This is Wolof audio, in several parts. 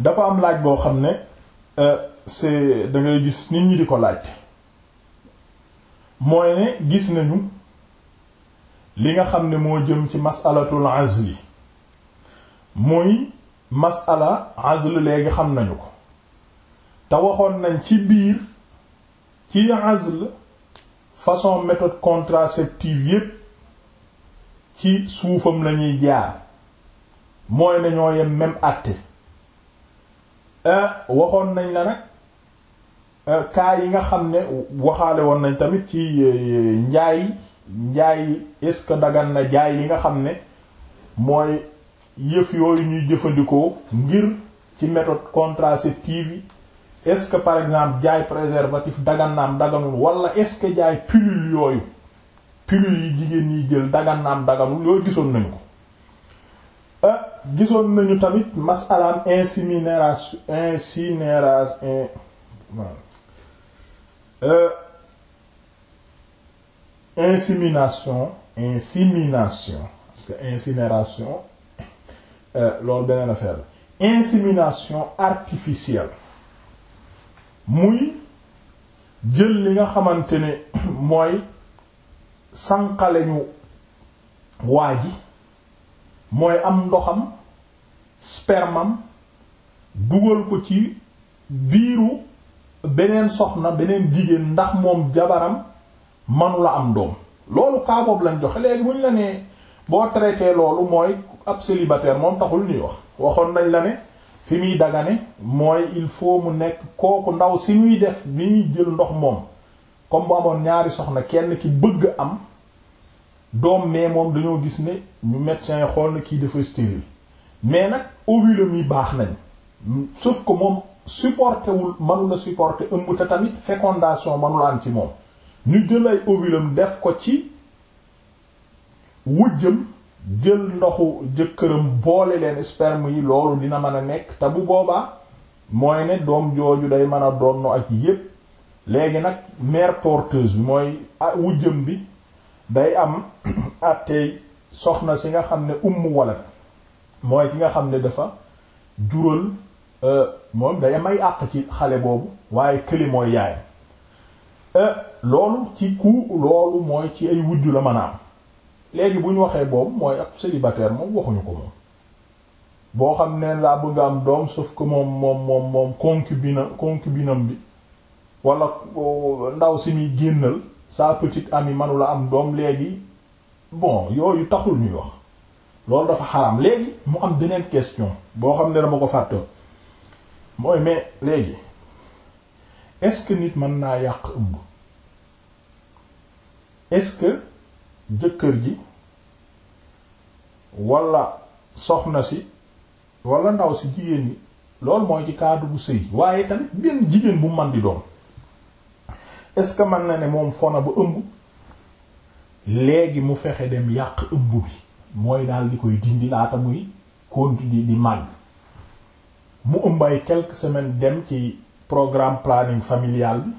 dafa am laaj boo xam ne euh, c'est da gis nit ñi di ko laaj mooy ne gis nañu li nga xam ne moo jëm ci masalatul azli muy masala azl léegi xam nañu ko te waxoon nañ ci biir ci azl façon méthode contraceptive yépp ci suufam lañuy jaar mooy ne ñoo yem même àtte Eh, waxoon nañ la nag eh, cas yi nga xam ne waxaale woon nañ tamit ci eh, njaay njaay est-ce que dagan na jaay yi nga xam ne mooy yëf yooyu ñuy jëfandikoo ngir ci méthode contraceptive yi est-ce que par exemple jaay préservatif dagan naam daganul wala est-ce que jaay pilule yooyu pilule yi jigéen ñiy jël dagan naam daganul yooyu gisoon nañ ko. gisoon nañu tamit masalaam incinération incinération euh, insémination insémination parce que incinération euh, loolu beneen affaire la insémination artificielle muy jël li nga xamante ne mooy sànqale ñu waa mooy am ndoxam spermam dugal ko ci biiru beneen soxna beneen jigéen ndax moom jabaram manula am doom loolu cas lañ joxe léegi buñ la nee boo traité loolu mooy ab célibataire moom taxul ñuy wax waxoon nañ la ne fi muy dagane mooy il faut mu nekk kooku ndaw si muy def bi ñuy jël ndox moom comme bu amoon ñaari soxna kenn ki bëgg am doom mais moom dañoo gis ne ñu médecin yi xool na kii dafa stérile mais nag ovulum yi baax nañ sauf ko moom supporté wul mënu la supporté ëmb te tamit fécondation mënu la am ci moom ñu jël ay ovulum def ko ci wujjam jël ndoxu jëkkëram boole leen sperme yi loolu dina mën a nekk te bu boobaa mooy ne doom jooju day mën a doon ak yépp léegi nag mère porteuse bi mooy ah, wujjëm bi day am àttey soxna si nga xam ne ummu wala mooy ki nga xam ne dafa jural euh, moom day am àq ci xale boobu waaye këli mooy yaayam euh, loolu ci ku loolu mooy ci ay wujju la mën a am léegi bu ñu waxee boobu mooy ab célibataire moom waxuñu ko moom boo xam ne laa bëgg am doom sauf ko moom moom moom moom concubinam concubinam bi wala oh, ndaw si muy génnal sa petite amie manula am doom léegi bon yooyu taxul ñuy wax loolu dafa xaraam léegi mu am beneen question boo xam ne dama ko fàttewoon mooy mais léegi est nit mën naa yàq ëmb est-ce que jëkkër ji walla soxna si walla ndaw si jigéen ñi loolu mooy ci cadre bu sëy waaye tamit benn jigéen bu man di doon est-ce que mën na ne moom fona ba ëmb léegi mu fexe dem yàq ëmb bi mooy daal di koy dindi laata muy continuer di màgg mu ëmb ay quelques semaines dem ci programme planning familial bi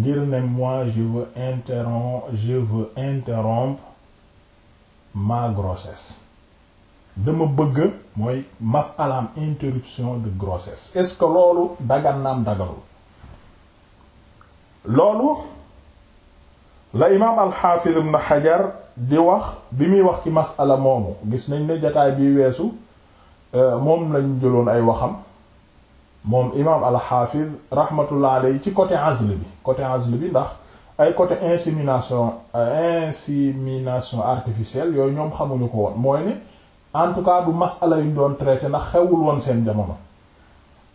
ngir ne moi je veux interrompre ma grossesse dama bëgg mooy masalaam interruption de grossesse est-ce que loolu dagan naam loolu la imaam alxaafiz ibn xajar di wax bi muy wax ci masala moomu gis nañ ne jataay bi weesu euh, moom lañ jëloon ay waxam moom imaam alxaafiz rahmatullah alayhi ci côté azl bi côté azl bi ndax ay côté insémination insémination artificielle yooyu ñoom xamuñu ko woon mooy ne en tout cas du masala yuñ doon traité ndax xewul woon seen jamono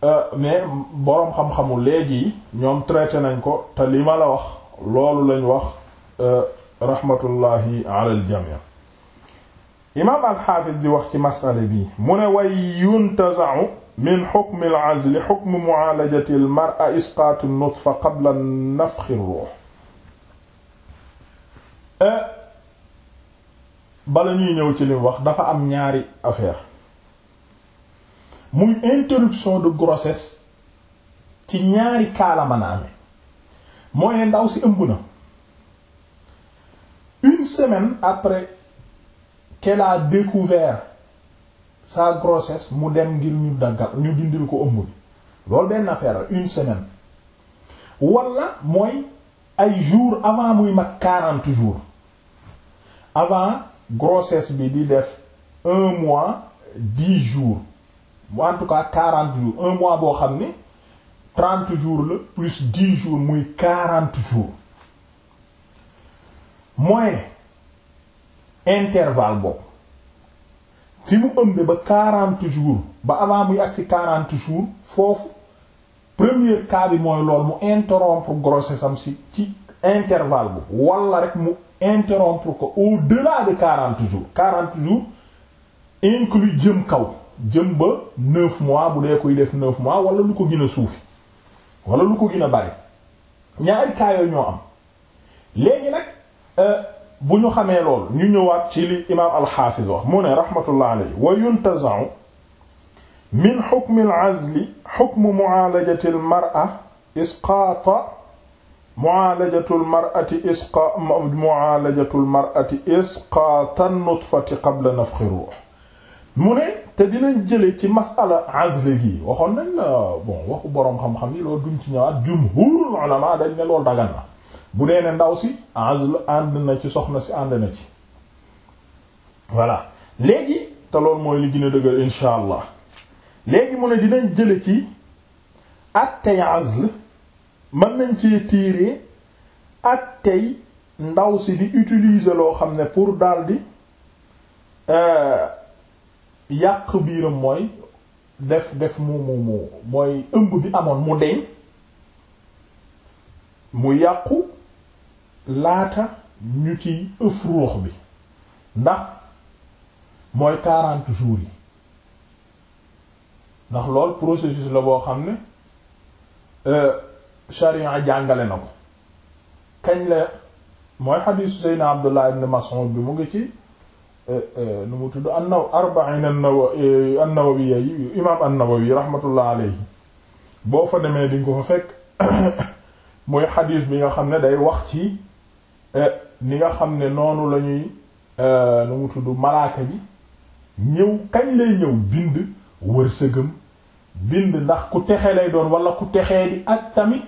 Euh, mais boroom xam-xamu léegi ñoom traité nañ ko te li ma la wax loolu lañ wax euh, rahmatullahi ala aljamii imaam alxaafis di wax ci masale bi mu ne way yuntaza'u min xukmi alazli xukmu mu'aalajati almar'a isqaatu nutfa qabla nafxi ruux euh, bala ñuy ñëw ci lim wax dafa am ñaari affaire muy interruption de grossesse ci ñaari kaalama naa mooy ne ndaw si ëmb na une semaine après qu'elle a découvert sa grossesse mu dem ngir ñu daggal ñu dindil ko ëmb bi loolu benn affaire une semaine walla mooy ay jour avant muy mag quarante jour avant grossesse bi di def un mois dix jours mu en tout cas quarante jours un mois boo xam ne trente jours la plus dix jour muy quarante jours mooy intervalle boobu fi mu ëmbe ba quarante jours ba avant muy agsi quarante jours foofu premier cas bi mooy lool mu interrompre grossesse am si ci interval bu walla rek mu interrompre ko au-delà de quarante jours quarante jours inclus jëm kaw jëm ba neuf mois bu dee koy def neuf mois wala lu ko gën a suufi wala lu ko gën a bari ñaari cas yooyu ñoo am léegi nag euh, bu ñu xamee lool ñu ñëwaat ci li imaam alxaafiz wax mu ne rahmatullah alayhi wa yuntaza'u min xukmi al-azli xukmu mu'aalajati al-mar'a isqaata mu'aalajatu al-mar'ati isqa mu'aalajatu al-mar'ati isqaatan nutfati qabla nafxi ruux mu ne te dinañ jële ci masala azl gi waxoon nañ la bon waxu boroom xam-xam yi loolu duñ ci ñëwaat jumhurul ulama dañ ne loolu dagan na bu dee ndaw si azl ànd na ci soxna si ànd na ci voilà léegi te loolu mooy li gën a dëgër insha allah léegi mu ne dinañ jële ci attey azl mën nañ ci tiiree attey ndaw si di utiliser loo xam ne pour daldi di euh, yàq biiram mooy def def mu mu mu mooy ëmb bi amoon mu deñ mu yàqu laata ñu ci ëf ruux bi ndax mooy quarante jours yi ndax lool processus la boo xam ne euh, sharia jàngale na ko kañ la mooy xadiisu Seydina Abdullah ibn Mas'ud bi mu ngi ci Eh, eh, nu mu tudd annaw arbain eh, annawawi annawawi yay imaam annawawi boo fa demee di nga ko fa fekk mooy xadiis bi nga xam ne day wax ci ni nga xam ne noonu la ñuy nu mu tudd malaaka bi ñëw kañ lay ñëw bind wërsëgam bind ndax ku texe lay doon walla ku texee di ak tamit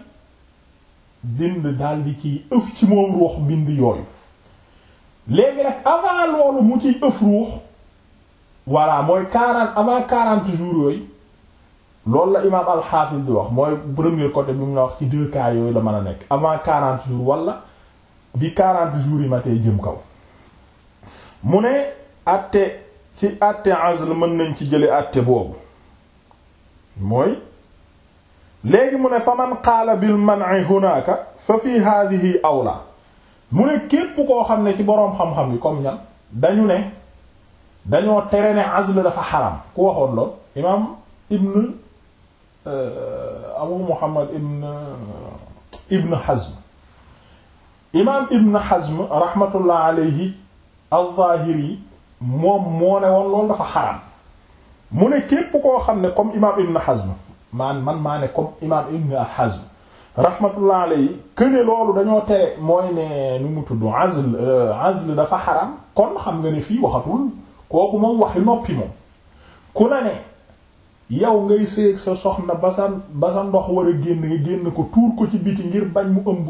bind dal di ciy ëf ci moom ruux bind yooyu léegi nag avant loolu mu ci ëf ruux voilà mooy quarante avant quarante jours yooyu loolu la imaam alxaafis di wax mooy premier côté bi mu la wax ci deux yooyu la man a nekk avant quarante jours wala bi quarante jours yi ma tey jëm kaw mu ne àtte ci àtte azl mën nañ ci jële àtte boobu mooy léegi mu ne fa man qaala bil man'i hunaka fa fi hadhihi awla mu ne képp koo xam ne ci boroom xam-xam yi comme ñan dañu ne dañoo tere ne azl dafa xaram ku waxoon lool imaam ibn euh, abu muhammad ibn ibn hazm imaam ibn hazm rahmatullah alayhi al-zahiri moom moo ne woon dafa xaram mu ne képp koo xam ne comme imaam ibn hazm man man maa ne comme imaam ibn hazm rahmatullah alayhi que loolu dañoo tere mooy ne nu mu tudd azl euh, azl dafa xaram kon xam nga ne fii waxatul kooku moom waxi noppi moom ku na ne yow ngay séeg sa soxna ba sa ba sa ndox war a génn génn ko tuur ko ci biti ngir bañ mu ëmb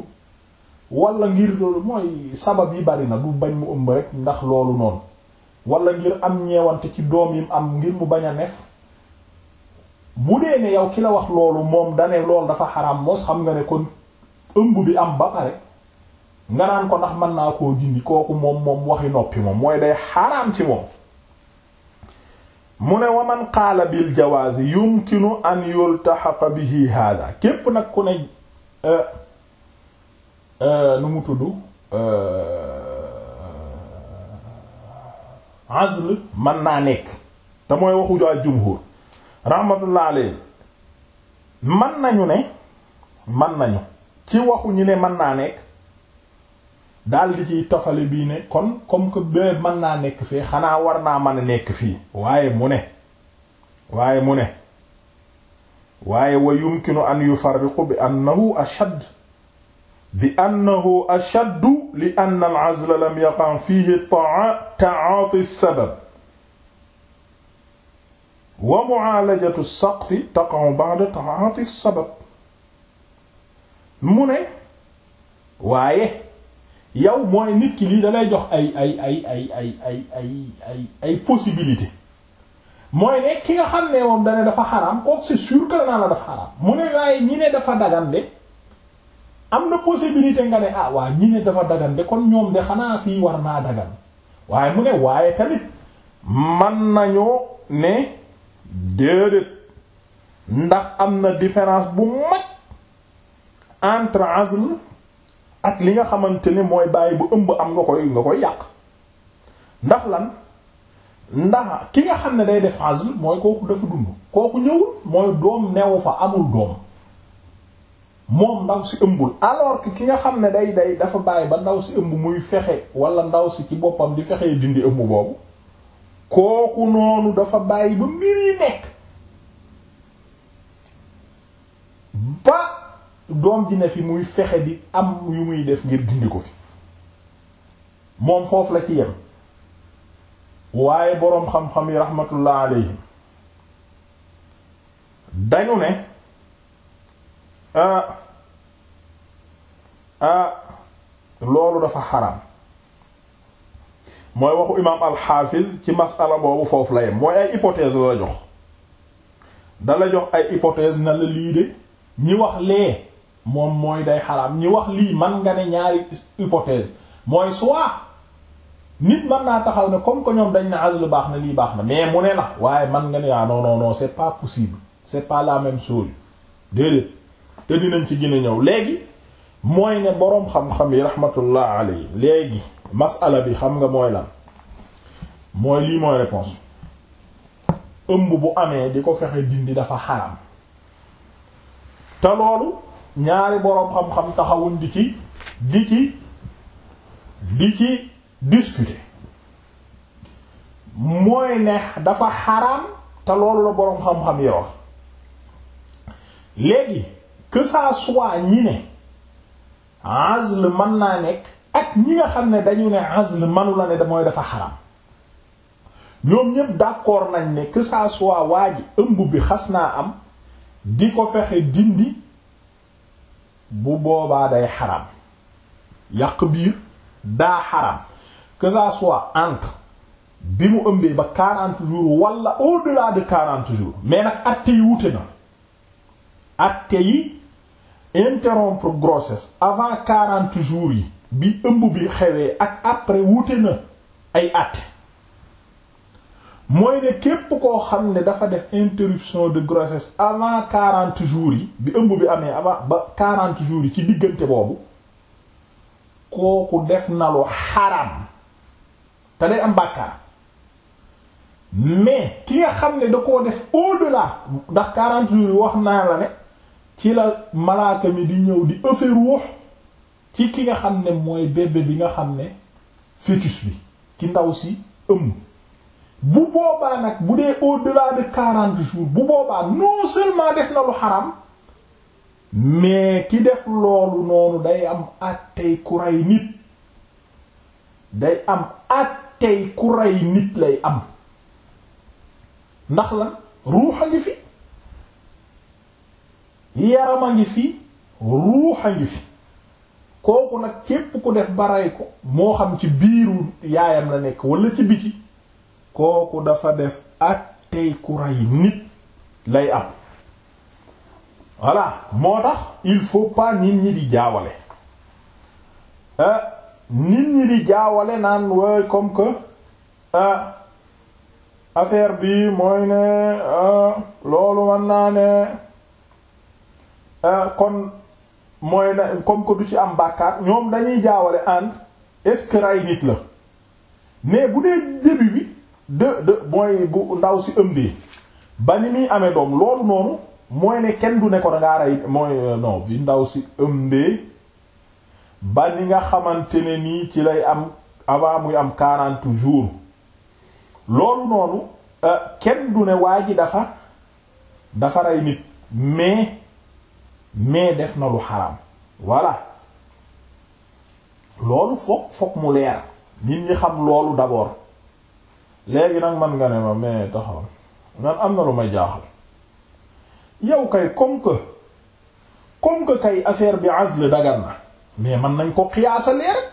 wala ngir loolu mooy sabab yi bari na du bañ mu ëmb rek ndax loolu noonu walla ngir am ñeewante ci doom yim am ngir mu bañ a nef bu dee ne yow ki la wax loolu moom da ne loolu dafa xaram mos xam nga ne kon ëmb bi am ba pare nga naan ko ndax mën naa koo dindi kooku moom moom waxi noppi moom mooy day xaram ci moom. mu ne wa man qaala bil jawaazi yumkinu an yultahaqa bihi hada képp nag ku ne euh, euh, nu mu tudd euh, azl mën naa nekk te mooy waxu jumhur rahmatullah alayhi man nañu ne man nañu ci waxu ñu ne mën naa nekk daldi di ciy tofale bii ne kon comme que bee mën naa nekk fii xanaa war naa mën a nekk fii waaye mu ne waaye mu ne waaye wa yumkinu an yufarriqu bi annahu ashadd bi annahu ashaddu li anna al-'azla lam yaqa fihi ta'ati as-sabab wa mu'alajatu saqti taqa'u ba'da ta'ati sabab mu ne waaye yow mooy nit ki lii dalay jox ay ay ay ay ay ay ay ay ay possibilité mooy ne ki nga xam ne moom dane dafa xaraam kooku c'est sûr que naa la dafa xaraam mu ne waaye ñi ne dafa dagan de am na possibilité nga ne ah waa ñi ne dafa dagan de kon ñoom de xanaa fii war naa dagan waaye mu ne waaye tamit man nañoo ne déedéet ndax am na différence bu mag entre azl ak li nga xamante ni mooy bàyyi bu ëmb am nga koy nga koy yàq ndax lan ndax ki nga xam ne day def azl mooy kooku dafa dund kooku ñëwul mooy doom neewu fa amul doom moom ndaw si ëmbul alors ki nga xam ne day day dafa bàyyi ba ndaw si ëmb muy fexe wala ndaw si ci boppam di fexee dindi ëmb boobu kooku noonu dafa bàyyi ba mbir nekk ba doom ji ne fi muy fexe bi am yu muy def ngir dindi ko fi moom foofu la ci yem waaye boroom xam-xam yi rahmatullah alayhim dañu ne ah, ah loolu dafa xaram mooy waxu imaam alxaafiz ci masala boobu foofu la mooy ay hypothèse la jox dala jox ay hypothèse na la lii de ñi wax lee moom mooy day xaraam ñi wax lii man nga ne ñaari hypothèse mooy soit nit mën naa taxaw ne comme que dañ ne azl baax na lii baax na mais mu ne na waaye man nga ne ah non non non c'est pas possible c'est pas la même chose déedéet te dinañ ci gën ñëw léegi mooy ne boroom xam-xam yi rahmatullah alayhi léegi masala bi xam nga mooy lan mooy lii mooy réponse ëmb bu amee di ko fexe dindi dafa xaram te loolu ñaari boroom xam-xam taxawuñ di ci di ci di ci discuter mooy ne dafa xaram te loolu la boroom xam-xam yi léegi que ça soit ñi ne azl man naa nekk ak ñi nga xam ne dañu ne azl manu la ne da mooy dafa xaram ñoom ñépp d'accord nañ ne que ça waa ji ëmb bi xas naa am di ko fexe dindi bu boobaa day xaram yàq biir daa xaram que ça soit entre bi mu ëmbee ba quarante jours walla au-delà de quarante mais nag atte yi wute na atte yi interrompre grossesse avant quarante jours yi bi ëmb bi xewee ak après wute na ay at mooy ne képp koo xam ne dafa def interruption de grossesse avant quarante jours yi bi ëmb bi amee avant ba quarante jours yi ci diggante boobu kooku def na lu xaraam te day am bàkkaar mais ki nga xam ne da koo def au-delà ndax quarante jours yi wax naa la ne ci la malaaka mi di ñëw di ëfe ruux ci ki nga xam ne mooy bebe bi nga xam ne fœtus bi ci ndaw si ëmb bu boobaa nag bu dee au-delà de quarante jours bu boobaa non seulement def na lu xaram mais ki def loolu noonu day am àttey ku rey nit day am àttey ku rey nit lay am ndax lan ruuxa ngi fi yarama ngi fi ruuxa ngi fi kooku nag képp ku def baray ko moo xam ci biiru yaayam la nekk wala ci biti kooku dafa def ak ku rey nit lay am voilà moo tax il faut pas nit ñi di jaawale ah di jaawale naan way comme que euh, affaire bi mooy ne euh, loolu mën naa ne Ah, kon mooy na comme que du ci am bàkkaar ñoom dañuy jaawale ànd est-ce que nit la mais bu dee début bi de de mooy bu ndaw si ëmbee ba ni muy amee doom loolu noonu mooy ne kenn du ne ko dangaa rey mooy euh, non bi ndaw si ëmbee ba ni nga xamante ne nii ci lay am avant muy am quarante jours loolu noonu euh, kenn du ne waa ji dafa dafa rey nit mais mais def na lu xaram voilà loolu fokk fokk mu leer nit ñi xam loolu d'abord léegi nag man nga ne ma mais taxaw man am na lu may jaaxal yow kay comme que comme que kay affaire bi azl dagan na mais man nañ ko xiyaasalee rek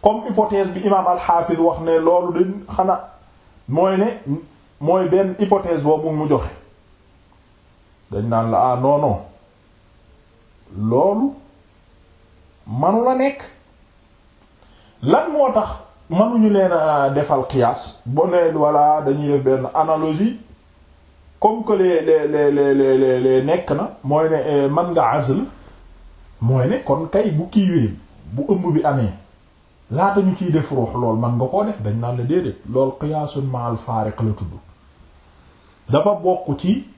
comme hypothèse bi imaam alxaafir wax ne loolu de xanaa mooy ne mooy benn hypothèse boobu mu joxe dañ naan la ah non non. loolu manu la nekk lan moo tax manuñu leen a defal qiyaas bo ne walla dañuy def benn analogie comme que les les les les nekk na mooy ne eh, man nga azl mooy ne kon kay bu kiiwee bu ëmb bi amee laata ñu ciy def ruux lool man nga koo def dañ naan la déedéet lool qiyaasun ma'al faariq la tudd dafa bokk ci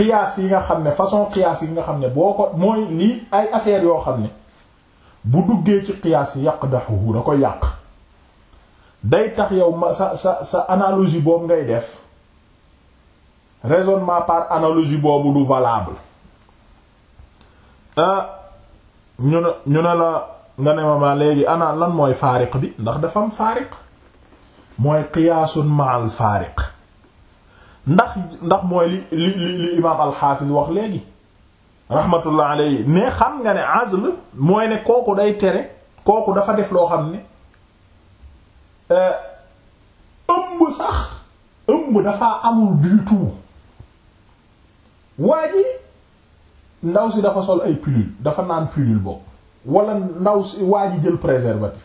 qiyaas yi nga xam ne façon qiyaas yi nga xam ne boo ko mooy nii ay affaire yoo xam ne bu duggee ci qiyaas yi yàq daxuhu da koy yàq day tax yow ma sa sa sa analogie boobu ngay def raisonnement par analogie boobu du valable ah ñu ne ñu ne la nga ne ma léegi ana lan mooy faariq bi ndax dafa am faariq mooy qiyaasun ma'al faariq ndax ndax mooy li li li li imaam alxaafis wax léegi rahmatullah alayhi mais xam nga ne azl mooy ne kooku day tere kooku dafa def loo xam ne euh, ëmb sax ëmb dafa amul du tout waa ndaw si dafa sol ay pilule dafa naan pilule boobu walla ndaw si waa ji jël préservatif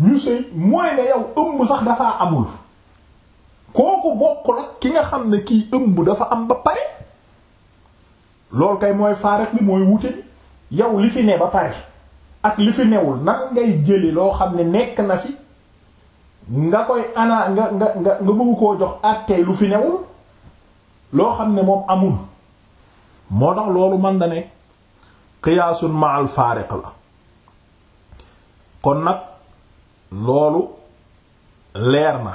ñu sëy mooy ne yow ëmb sax dafaa amul kooku bokkul ak ki nga xam ne kii ëmb dafa am ba pare loolu kay mooy faarek bi mooy wute yow li fi ne ba pare ak li fi newul nan ngay jëli loo xam ne nekk na fi nga koy ana nga nga nga nga bëgg koo jox àttee lu fi newul loo xam ne moom amul moo tax loolu man da nekk qiyaasun ma'al faariq la kon nag loolu leer na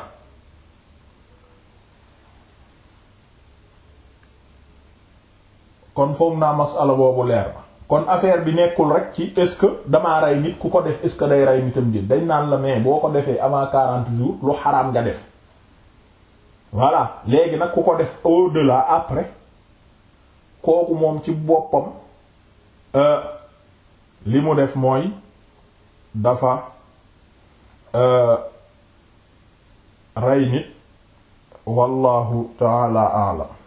kon foog naa masala boobu leer na kon affaire bi nekkul rek ci est-ce que damaa rey nit ku ko def est-ce que day rey nitam jën dañ naan la mais boo ko defee avant quarante jours lu xaraam nga def voilà léegi nag ku ko def au la après kooku moom ci boppam euh, li mu def mooy dafa euh, rey nit wallahu taala alam